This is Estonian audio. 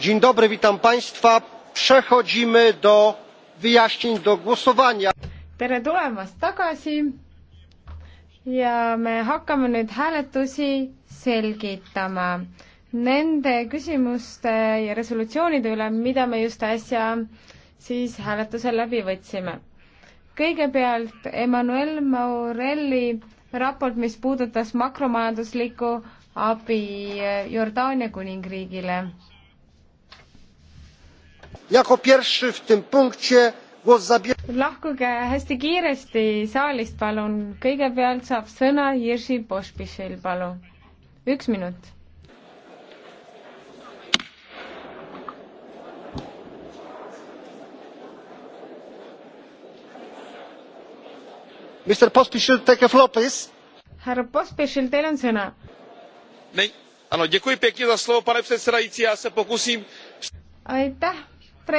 dzień dobry witam państwa przechodzimy do wyjaśnień do głosowania tere tulemast tagasi ja me hakkame nüüd hääletusi selgitama nende küsimuste ja resolutsioonide üle mida me just äsja siis hääletusel läbi võtsime kõigepealt Emmanuel Maurelli raport mis puudutas makromajanduslikku abi Jordaania kuningriigile. lahkuge hästi kiiresti saalist, palun. kõigepealt saab sõna Jirži Pospišil, palun. üks minut härra pospíšil teil on sõna pane předsedající já se pokusím. aitäh